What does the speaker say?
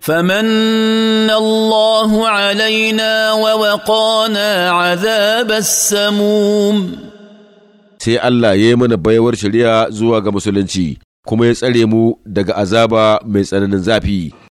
فمن الله علينا ووقانا عذاب السموم sai Allah ya yi mana baiwar shari'a zuwa ga musulunci kuma ya tsare mu daga azaba mai tsananin zafi